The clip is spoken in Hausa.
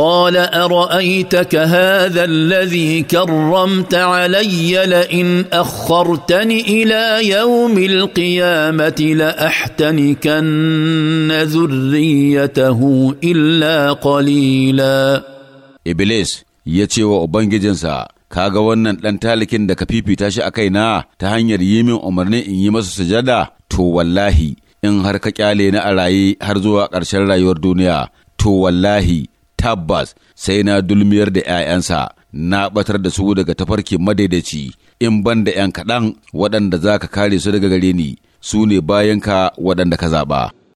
قال ارايتك هذا الذي كرمت علي لئن اخرتني الى يوم القيامه لاحتنكن ذريته الا قليلا ابليس ya ce wa ubangijinsa ga wannan ɗan talikin da ka fifita shi a kaina ta hanyar yi min umarni in yi masa sujada to wallahi in har ka kyale ni a raye har zuwa ƙarshen rayuwar duniya to wallahi tabbas sai na dulmiyar da ‘ya'yansa, na batar da su daga tafarki madaidaci, in ban da ‘yan kaɗan waɗanda za ka kare su daga gare ni, su ne bayanka waɗanda ka zaɓa.